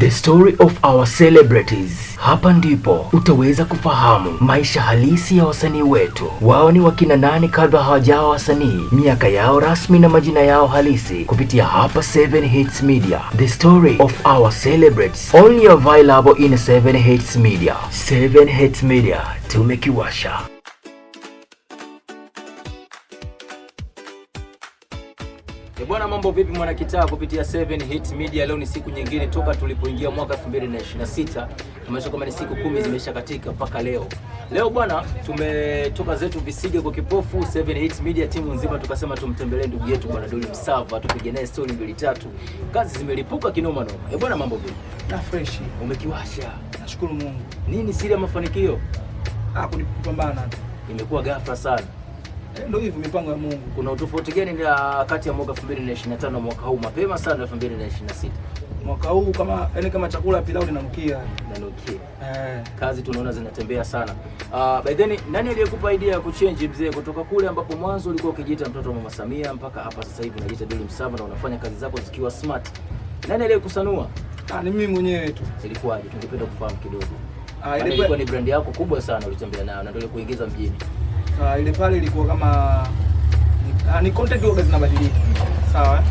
The Story of Our Celebrities. Hapa ndipo utaweza kufahamu maisha halisi ya wasanii wetu. Wao ni wakina nani kabla hawajawa wasanii, miaka yao rasmi na majina yao halisi, kupitia hapa 7 Hits Media. The Story of Our Celebrities, only available in 7 Hits Media. 7 Hits Media tumekiwasha. Mambo vipi mwana kitaa, kupitia 7 Hit Media. Leo ni siku nyingine toka tulipoingia mwaka 2026 tumesha kama ni siku kumi zimesha katika mpaka leo. Leo bwana, tumetoka zetu visige kwa kipofu 7 Hit Media timu nzima, tukasema tumtembelee ndugu yetu bwana Doli Msava, tupige naye story mbili tatu. Kazi zimelipuka kinoma noma. Eh bwana, mambo vipi? Na fresh. Umekiwasha. Nashukuru Mungu. Nini siri ya mafanikio? Ah, kunipambana. Imekuwa ghafla sana. Ndio hivyo mipango ya Mungu. Kuna utofauti gani kati ya mwaka 2025 na mwaka huu mapema sana 2026? Mwaka huu kama yani kama chakula ya pilau linanukia. Linanukia. Eh. Kazi tunaona zinatembea sana. Uh, by then nani aliyekupa idea ya kuchange mzee kutoka kule ambapo mwanzo ulikuwa ukijiita mtoto wa Mama Samia mpaka hapa sasa hivi unajiita Dully Msava na unafanya kazi zako zikiwa smart. Nani aliyekusanua? Ah, ni mimi mwenyewe tu. Ilikuwaje? Tungependa kufahamu kidogo. Ah, ilikuwa ni brand yako kubwa sana ulitembea nayo na ndio kuingiza mjini. Uh, ile pale ilikuwa kama ni, ah, ni content yoga zinabadilika. Sawa?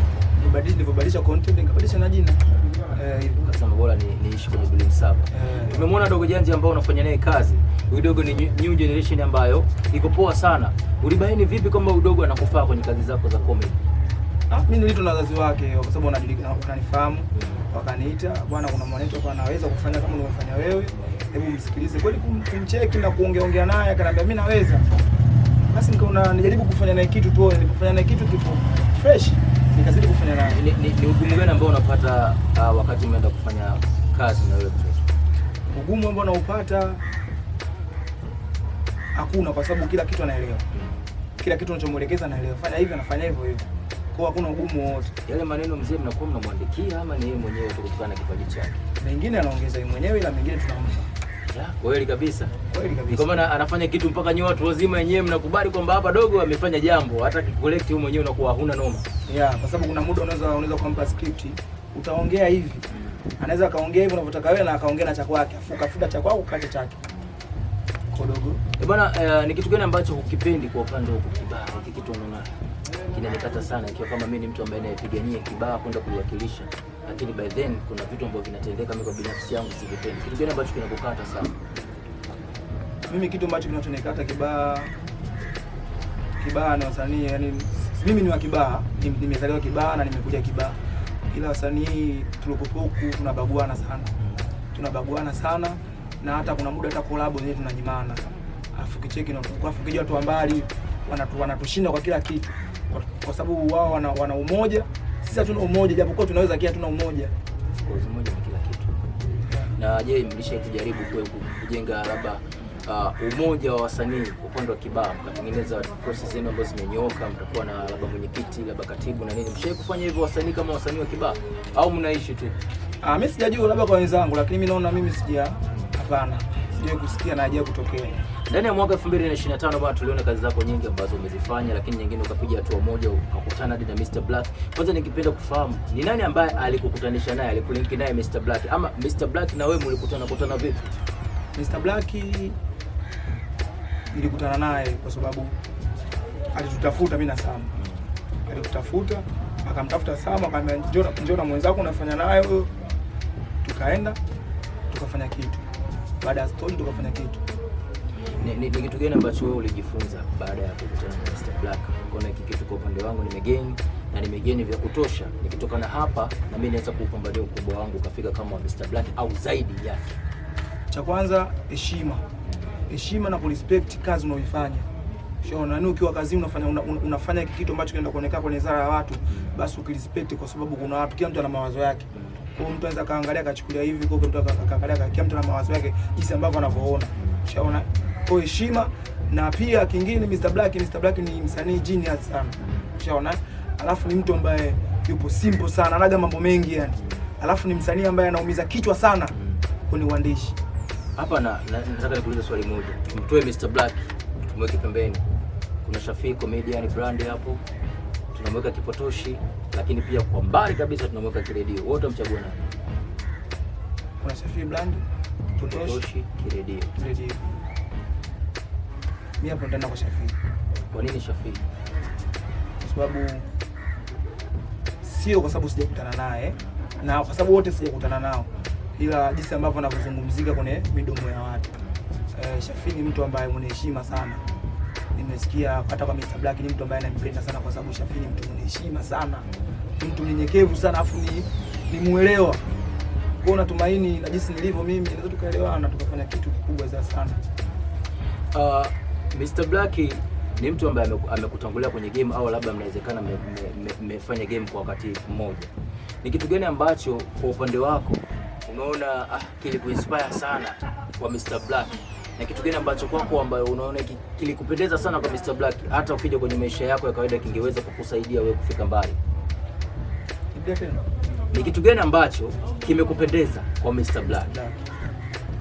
Nibadilisha nilibadilisha content nikabadilisha na jina. Eh, kasema bora ni niishi kwenye Blim Saba. Eh. Tumemwona Dogo Janji ambao unafanya naye kazi. Udogo ni new generation ambayo iko poa sana. Ulibaini vipi kwamba Udogo anakufaa kwenye kazi zako za comedy? Ah, mimi nilitwa na wazazi wake kwa sababu wananifahamu. Mm. Wakaniita, bwana kuna mwanetu mwanangu anaweza kufanya kama unavyofanya wewe hebu msikilize kweli, kumcheki na kuongeaongea naye, akaniambia mimi naweza. Basi nikaona nijaribu kufanya naye kitu tu, nilipofanya naye kitu kipo fresh, nikazidi kufanya naye. Ni, ni, ni ugumu gani ambao unapata uh, wakati umeenda kufanya kazi na wewe? Ugumu ambao naupata hakuna, kwa sababu kila kitu anaelewa, kila kitu unachomwelekeza anaelewa, fanya hivi, anafanya hivyo hivyo kwa hakuna ugumu wote. Yale maneno mzee mnakuwa mnamwandikia ama ni yeye mwenyewe kutokana na kipaji chake? Mengine anaongeza yeye mwenyewe, ila mengine tunampa Kweli kabisa, kweli kabisa. Kwa maana anafanya kitu mpaka nyewe watu wazima wenyewe mnakubali kwamba hapa dogo amefanya jambo, hata kikolekti wewe mwenyewe unakuwa huna noma. Yeah, kwa sababu kuna muda unaweza unaweza kumpa script, utaongea hivi. Anaweza akaongea hivi unavyotaka wewe na akaongea na cha kwake, afuka futa cha kwako kati chake. Kwa dogo. Eh, bwana, eh, ni kitu gani ambacho hukipendi kwa upande wako kibaa? Hiki kitu unaona kinanikata sana ikiwa kama mimi ni mtu ambaye anayepigania kibaa kwenda kuiwakilisha lakini by then kuna vitu ambavyo vinatendeka mimi kwa binafsi yangu sivipendi. Kitu gani ambacho kinakukata sana? Mimi kitu ambacho kinachonikata kibaa kibaa na wasanii yani, mimi ni wa Kibaha, nimezaliwa Kibaha na nimekuja Kibaha, ila wasanii tulipokuku tunabaguana sana, tunabaguana sana na hata kuna muda hata collab zenyewe tunanyimana, afu kicheki na afu kija watu wa mbali wanatushinda kwa kila kitu, kwa, kwa sababu wao wana, wana umoja sisi hatuna umoja, japokuwa tunaweza kia, hatuna umoja. Of course umoja ni kila kitu. Na je, mlisha kujaribu kujenga labda Uh, umoja wa wasanii kwa upande wa kibao mkatengeneza process zenu ambazo zimenyooka, mtakuwa na labda mwenyekiti labda katibu na nini, mshawahi kufanya hivyo wasanii kama wasanii wa kibao au mnaishi tu? Ah, mimi sijajua labda kwa wenzangu, lakini mimi naona mimi sija, hapana sijawahi kusikia na hajawahi kutokea. Ndani ya mwaka 2025 bwana, tuliona kazi zako nyingi ambazo umezifanya, lakini nyingine ukapiga hatua moja ukakutana na Mr Black. Kwanza ningependa kufahamu ni nani ambaye alikukutanisha naye, alikulinki naye Mr Black, ama Mr Black na wewe mlikutana kutana vipi? Mr Black nilikutana naye kwa sababu alitutafuta mimi na Sam, alitutafuta akamtafuta Sam, akamwambia njoo na mwenzako unafanya naye huyo, tukaenda tukafanya kitu baada ya story ndo kafanya kitu. Ni, ni, ni kitu gani ambacho wewe ulijifunza baada ya kukutana na Mr. Black? Kuna kitu kwa upande wangu nimegeni na nimegeni vya kutosha, nikitokana hapa na mimi naweza kuupambalia ukubwa wangu ukafika kama wa Mr. Black au zaidi yake. Cha kwanza heshima, hmm. heshima na kurespect kazi unaoifanya. Shaona, nani ukiwa kazini unafanya una, unafanya kitu ambacho kinaenda kuonekana kwenye zara ya watu, hmm. basi ukirespect, kwa sababu kuna watu, kila mtu ana mawazo yake. Hmm mtu anaweza kaangalia kachukulia hivi, kwa mtu akaangalia kakia mtu na mawazo yake jinsi ambavyo anavyoona. Ushaona? Kwa heshima na pia kingine, Mr Black, Mr Black ni msanii genius sana. Ushaona? Alafu ni mtu ambaye yupo simple sana, anaga mambo mengi yani. Alafu ni msanii ambaye anaumiza kichwa sana kwenye uandishi. Hapa na nataka nikuulize swali moja. mtoe Mr Black, tumweke pembeni. Kuna Shafii comedian brand hapo tunamweka kipotoshi, lakini pia kwa mbali kabisa tunamweka kiredio. Wote mchagua nani? Kuna Safi Brand, kipotoshi, kiredio. Kiredio. Mimi hapo ndana kwa Safi. Kwa nini Safi? Kwa sababu sio kwa sababu sijakutana naye na kwa sababu wote sijakutana nao, ila jinsi ambavyo anavyozungumzika kwenye midomo ya watu. Eh, ni mtu ambaye mwenye heshima sana nimesikia hata kwa Mr. Black ni mtu ambaye anampenda sana, kwa sababu Shafi ni mtu mwenye heshima sana, ni mtu mnyenyekevu sana, afu ni nimuelewa kwao. Natumaini na jinsi nilivyo mimi, naweza tukaelewana tukafanya kitu kikubwa za sana. Uh, ah, Mr. Black ni mtu ambaye amekutangulia ame kwenye game au labda mnawezekana mmefanya me, me, game kwa wakati mmoja. Ni kitu gani ambacho kwa upande wako unaona ah, kilikuinspire sana kwa Mr. Black? na kitu gani ambacho kwako ambayo unaona kilikupendeza sana kwa Mr. Black, hata ukija kwenye maisha yako ya kawaida kingeweza kukusaidia wewe kufika mbali? Ni kitu gani ambacho kimekupendeza kwa Mr. Black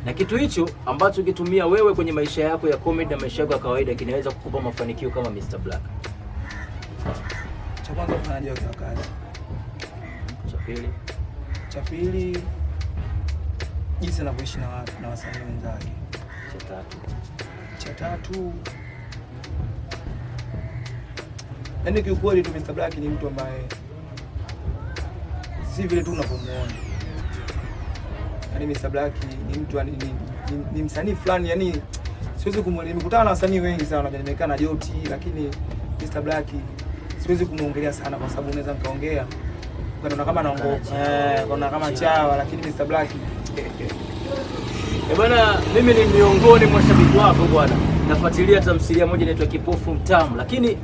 na kitu hicho ambacho ukitumia wewe kwenye maisha yako ya comedy na maisha yako ya kawaida kinaweza kukupa mafanikio kama Mr. Black? Cha kwanza unajua kwa kazi. Cha pili. Cha pili jinsi anavyoishi na na wasanii wenzake cha tatu cha tatu, yaani kiukweli tu Mr. Black ni mtu ambaye si vile tu unavyomuona. Yaani Mr. Black ni mtu ni, ni, ni msanii fulani yani siwezi kumwongelea. Nimekutana na wasanii wengi sana najulikana na Joti, lakini Mr. Black siwezi kumwongelea sana kwa sababu unaweza nikaongea ukaona kama naongo eh, ah, ukaona kama chawa, lakini Mr. Black Eh, bwana mimi ni miongoni mwa shabiki wako bwana. Nafuatilia tamthilia moja inaitwa Kipofu Mtamu, lakini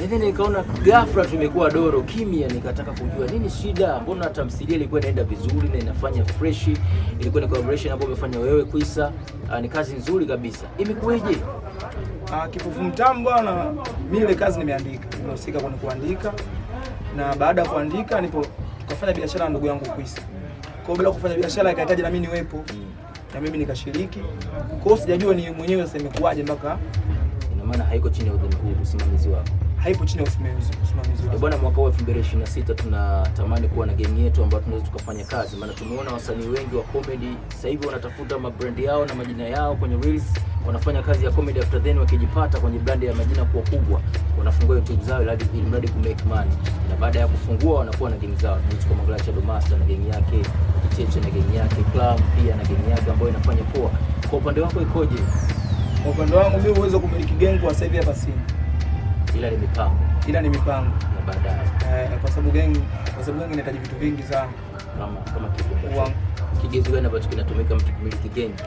hivi nikaona ghafla tumekuwa doro kimya, nikataka kujua nini shida, mbona tamthilia ilikuwa inaenda vizuri na inafanya fresh, ilikuwa ni collaboration ambayo umefanya wewe Kwisa, ah, ni kazi nzuri kabisa, imekuwaje? Ah, Kipofu Mtamu bwana, mimi ile kazi nimeandika, nimehusika kwenye kuandika, na baada ya kuandika nipo kufanya biashara na ndugu yangu Kwisa, kwa bila kufanya biashara ikahitaji na mimi niwepo mm na mimi nikashiriki. Kwa hiyo sijajua ni mwenyewe sasa imekuaje mpaka ina maana haiko chini ya udhamini usimamizi wako haipo chini ya usimamizi usimamizi wako. Bwana, mwaka wa 2026 tunatamani kuwa na game yetu ambayo tunaweza tukafanya kazi, maana tumeona wasanii wengi wa comedy sasa hivi wanatafuta mabrand yao na majina yao kwenye reels, wanafanya kazi ya comedy, after then wakijipata kwenye brand ya majina kuwa kubwa, wanafungua YouTube zao ili mradi ku make money, na baada ya kufungua wanakuwa na game zao. Tunachukua Mangala Shadow Master na game yake Cheche na gengi yake, Club pia na gengi yake ambayo inafanya poa. Kwa upande wako ikoje? Kwa upande wangu mimi uwezo kumiliki gengi kwa sasa hivi hapa sina. Ila ni mipango. Ila ni mipango na baadaye. Eh, kwa sababu gengi, kwa sababu gengi inahitaji vitu vingi sana. Kama kama kitu. Kigezo gani ambacho kinatumika mtu kumiliki gengi?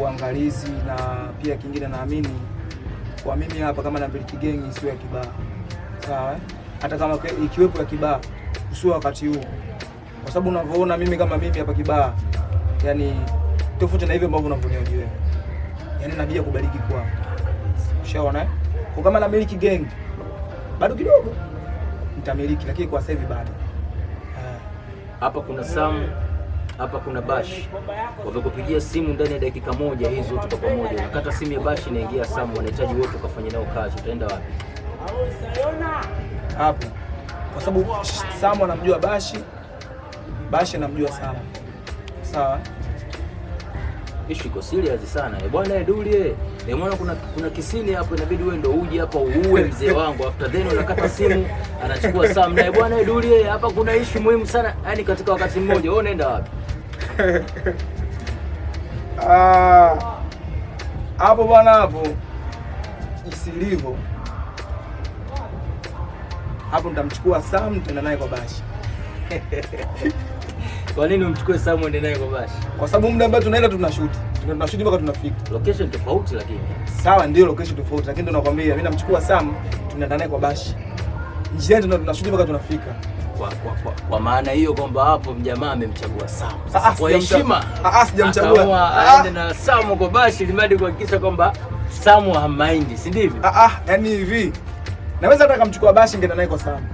Uangalizi na pia kingine naamini kwa mimi hapa kama namiliki gengi sio ya kibaa. Sawa? Eh? Hata kama ikiwepo ya kibaa sio wakati huu kwa sababu unavyoona mimi kama mimi hapa Kibaha, yani tofauti na hivyo ambavyo unavyoniona wewe, yani nabii akubariki kwa ushaona eh, kwa kama na miliki gang bado kidogo nitamiliki, lakini kwa sasa hivi bado ah. hapa kuna Sam hapa kuna Bash wamekupigia simu ndani ya dakika moja hizo, tuko pamoja. Nakata simu ya Bash inaingia Sam, wanahitaji wote ukafanya nao kazi, utaenda wapi hapo? Kwa sababu Sam anamjua Bashi Bashe namjua sana. Sawa. Ishu iko serious sana. Eh, bwana Eduli, eh, eh mwana kuna kuna kisini hapo inabidi wewe ndio uje hapa uue mzee wangu. After then unakata simu, anachukua saa mna. Eh, bwana Eduli, eh, hapa kuna ishu muhimu sana. Yaani katika wakati mmoja, wewe unaenda wapi? Ah. Hapo bwana hapo. Isilivo. Hapo nitamchukua Sam tena naye kwa Bashe. Kwa nini umchukue Samu uende naye kwa bashi? Kwa sababu muda ambao tunaenda tunashuti. Tunashuti mpaka tunafika. Location tofauti lakini. Sawa ndio location tofauti lakini ndio nakwambia mimi namchukua Samu tunaenda naye kwa bashi. Njia ndio tunashuti mpaka tunafika. Kwa, kwa, kwa, kwa maana hiyo kwamba hapo mjamaa amemchagua Samu. Ah, kwa heshima Ah, ah sijamchagua. Ah. Aende na Samu kwa bashi limadi kuhakikisha kwamba Samu hamaindi, si ndivyo? Ah ah, yani hivi. Naweza hata kumchukua bashi ngenda naye kwa Samu.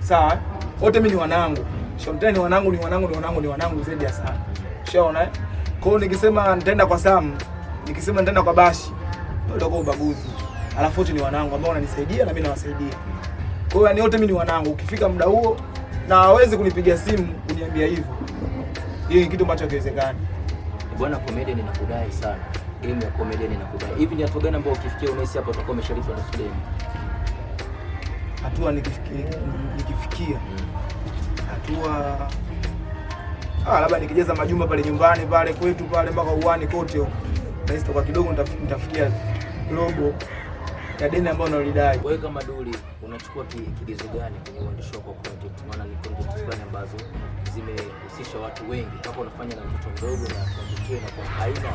Sawa? Wote mimi ni wanangu. Shonteni wanangu ni wanangu ni wanangu ni wanangu zaidi ya sana. Ushaona eh? Kwa hiyo nikisema nitaenda kwa Sam, nikisema nitaenda kwa Bashi, ndio kwa ubaguzi. Alafu wote ni wanangu ambao wananisaidia na mimi nawasaidia. Kwa hiyo yani wote mimi ni wanangu. Ukifika muda huo na hawezi kunipigia simu kuniambia hivyo. Hiyo ni kitu ambacho hakiwezekani. Eh, bwana Comedian, ninakudai sana. Game ya Comedian ninakudai. Hivi ni hatua gani ambayo ukifikia unahisi hapa utakuwa umeshariki na Suleiman? Hatua nikifikia nikifikia huwa ah, labda nikijeza majumba pale nyumbani pale kwetu pale mpaka uani kote huko, basi kwa kidogo nitafikia robo ya deni ambayo nalidai. Wewe kama Duli unachukua kigezo gani kwenye uandishi wako wa content? Maana ni content fulani ambazo zimehusisha watu wengi, kama unafanya na mtoto mdogo na content na kwa aina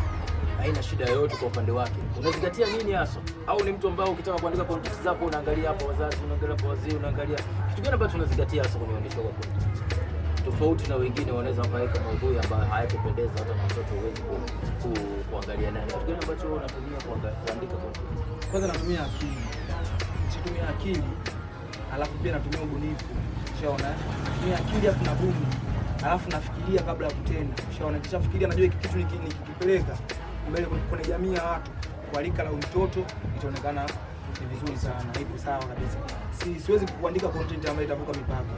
haina shida yoyote kwa upande wake. Unazingatia nini hasa? Au ni mtu ambaye ukitaka kuandika kwa ofisi zako unaangalia hapa wazazi, unaangalia kwa wazee, unaangalia kitu gani ambacho unazingatia hasa kwenye uandishi wa content? Tofauti na wengine wanaweza wakaweka maudhui ambayo hayakupendeza hata na mtoto huwezi kuangalia nani. Kitu gani ambacho unatumia kuandika kwa ofisi? Kwanza natumia akili. Situmia akili, alafu pia natumia ubunifu. Ushaona? Natumia akili afu na buni. Alafu nafikiria kabla ya kutenda. Ushaona? Kisha fikiria najua kitu nikikipeleka mbele kwenye jamii ya watu kwa rika la mtoto itaonekana ni vizuri sana, ipo sawa kabisa. Si siwezi kuandika content ambayo itavuka mipaka.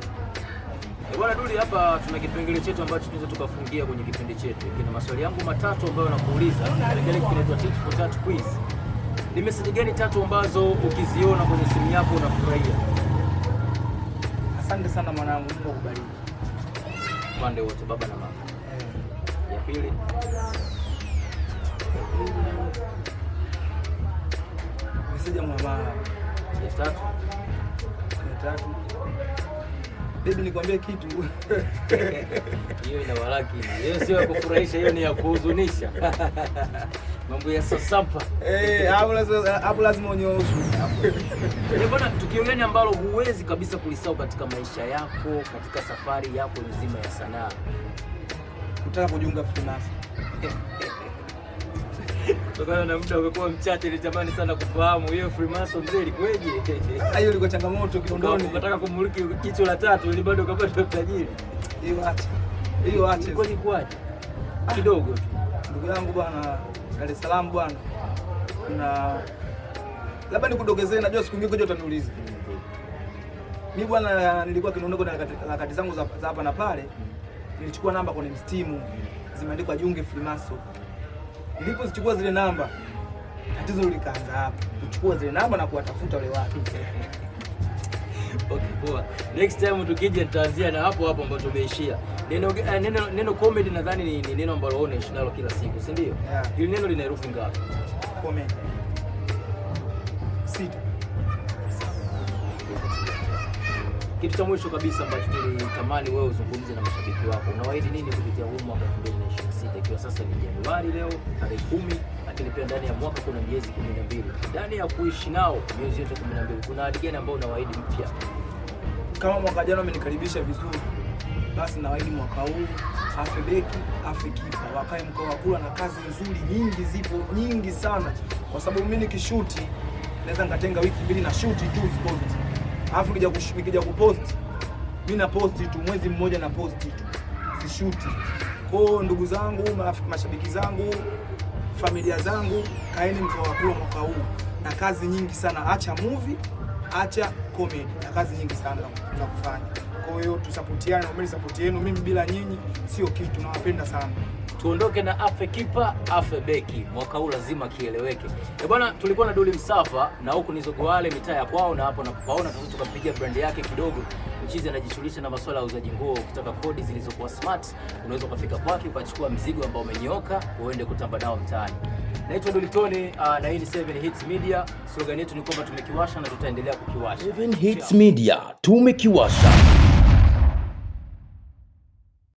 Eh, bwana Duli, hapa tuna kipengele chetu ambacho tunaweza tukafungia kwenye kipindi chetu. Kina maswali yangu matatu ambayo nakuuliza. Kipengele kinaitwa Tit for Tat Quiz. Ni message gani tatu ambazo ukiziona kwenye simu yako unafurahia? Asante sana mwanangu, Mungu akubariki. Pande wote baba na mama. Eh. Ya pili. Meseja mwamara mia tatu mia tatu Bebi, nikwambie kitu hiyo ina walaki. Hiyo sio ya kufurahisha, hiyo ni ya kuhuzunisha. Mambo ya sasampa. Eh, hapo lazima unyooshe. Eh, bwana, tukio gani ambalo huwezi kabisa kulisahau katika maisha yako, katika safari yako nzima ya sanaa? Kutaka kujiunga Frimasi. kutokana na muda umekuwa mchache, nilitamani sana kufahamu hiyo Freemason mzee ilikweje? Ah, hiyo ilikuwa changamoto kidondoni, nataka kumuliki jicho la tatu ili bado ukapata utajiri. Hiyo acha hiyo acha, ilikuwa ni kwaje? Ah, kidogo tu ndugu yangu bwana, Dar es Salaam bwana, na labda nikudogezee, najua siku nyingi kuja utaniuliza mimi bwana, nilikuwa kinondoko na harakati zangu za hapa na pale, nilichukua namba kwenye mstimu zimeandikwa Junge Freemason nilipozichukua zile namba, tatizo likaanza hapa, kuchukua zile namba na kuwatafuta wale watu. Okay, poa. Next time tukija tutaanzia na hapo hapo ambapo tumeishia. Neno uh, neno neno comedy nadhani ni, ni neno ambalo wewe unaishi nalo kila siku, si ndio? Yeah. Hili neno lina herufi ngapi? Comedy. Sita. Kitu cha mwisho kabisa ambacho tulitamani wewe uzungumze na mashabiki wako. Unawaahidi nini kupitia huu mwaka 2020? ikiwa sasa ni Januari leo tarehe kumi, lakini pia ndani ya mwaka kuna miezi kumi na mbili. Ndani ya kuishi nao miezi yote kumi na mbili, kuna ahadi gani ambayo unawaahidi mpya? Kama mwaka jana amenikaribisha vizuri, basi nawaahidi mwaka huu afe beki afe kipa, wakae mkoa wa kula, na kazi nzuri nyingi zipo nyingi sana, kwa sababu mimi nikishuti naweza nikatenga wiki mbili na shuti tu post, alafu nikija kushuti nikija kuposti mimi na posti tu mwezi mmoja na posti tu sishuti. Kwa ndugu zangu, marafiki, mashabiki zangu, familia zangu, kaeni mkawakua mwaka huu na kazi nyingi sana, acha movie, acha comedy na kazi nyingi sana za kufanya. Kwa hiyo tusapotiane, mimi sapoti yenu, mimi bila nyinyi sio kitu. Nawapenda sana. Tuondoke na afe kipa afe beki, mwaka huu lazima kieleweke. E bwana, tulikuwa na Duli Msafa na huku ni Zogoale, mitaa ya kwao, na hapo napaona tukampigia brand yake kidogo mchizi anajishughulisha na masuala ya uzaji nguo, ukitaka kodi zilizokuwa smart, unaweza ukafika kwake ukachukua mzigo ambao umenyoka, uende kutamba nao mtaani. Naitwa Dulitoni, uh, ah, na hii ni 7 Hits Media. Slogan yetu ni kwamba tumekiwasha na tutaendelea kukiwasha. 7 Hits Media, tumekiwasha.